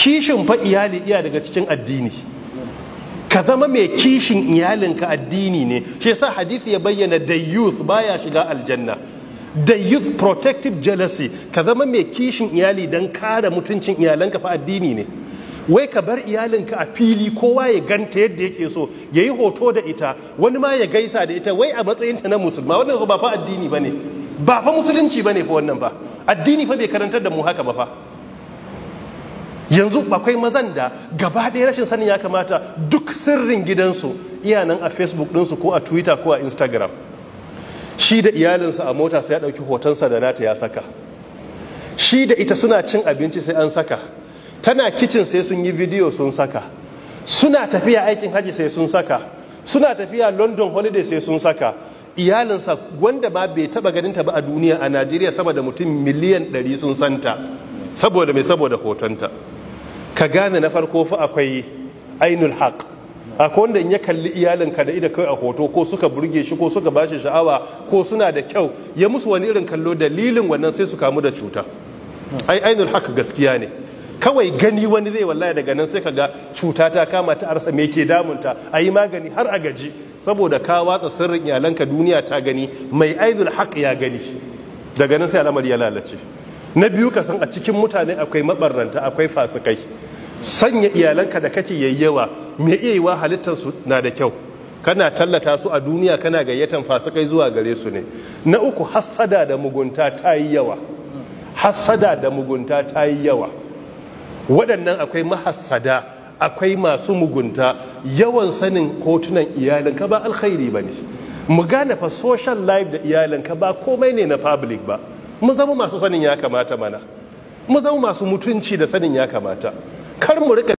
kishin fa iyali iya daga cikin addini ka zama mai kishin iyalinka addini ne shi yasa hadisi ya bayyana da youth baya shiga aljanna da youth protective jealousy ka zama mai kishin iyali don kare mutuncin iyalanka fa addini ne wai ka bar iyalinka a fili kowa ya ganta yadda yake so ya yi hoto da ita wani ma ya gaisa da ita wai a matsayinta na musulma wannan ba fa addini ba ne ba fa musulunci ba ne fa wannan ba addini fa bai karantar da mu haka ba fa yanzu akwai mazan da gaba ɗaya rashin sanin ya kamata duk sirrin gidansu iya nan a facebook ɗinsu ko a twitter ko a instagram shi da iyalinsa a mota sai ya ɗauki hotonsa da nata ya saka shi da ita suna cin abinci sai an saka tana kicin sai sun yi bidiyo sun saka suna tafiya aikin haji sai sun saka suna tafiya london holiday sai sun saka iyalinsa wanda ma bai taba ta ba a duniya a najeriya sama da mutum miliyan 100 sun santa saboda mai saboda hotonta ka gane na farko fa akwai ainul haq akwai wanda ya kalli iyalinka da ida kai a hoto ko suka burge shi ko suka bashi sha'awa ko suna da kyau ya musu wani irin kallo dalilin wannan sai su kamu da cuta ai ainul haq gaskiya ne kawai gani wani zai wallahi daga nan sai kaga cuta ta kama ta arsa me ke damunta a yi magani har a gaji saboda ka watsa sirrin iyalanka duniya ta gani mai aizul haq ya gani daga nan sai al'amari ya lalace na biyu ka san a cikin mutane akwai mabarranta akwai fasikai sanya iyalanka da kake yayyawa me iya yiwa halittar su na da kyau kana tallata su a duniya kana gayyatan fasikai zuwa gare su ne na uku hassada da mugunta ta yi yawa hassada da mugunta ta yi yawa waɗannan akwai mahassada akwai masu mugunta yawan sanin kotunan iyalinka ba alkhairi ba ne mu gane fa social life da iyalinka ba komai ne na public ba mu zama masu sanin ya kamata mana mu zama masu mutunci da sanin ya kamata kar mu rika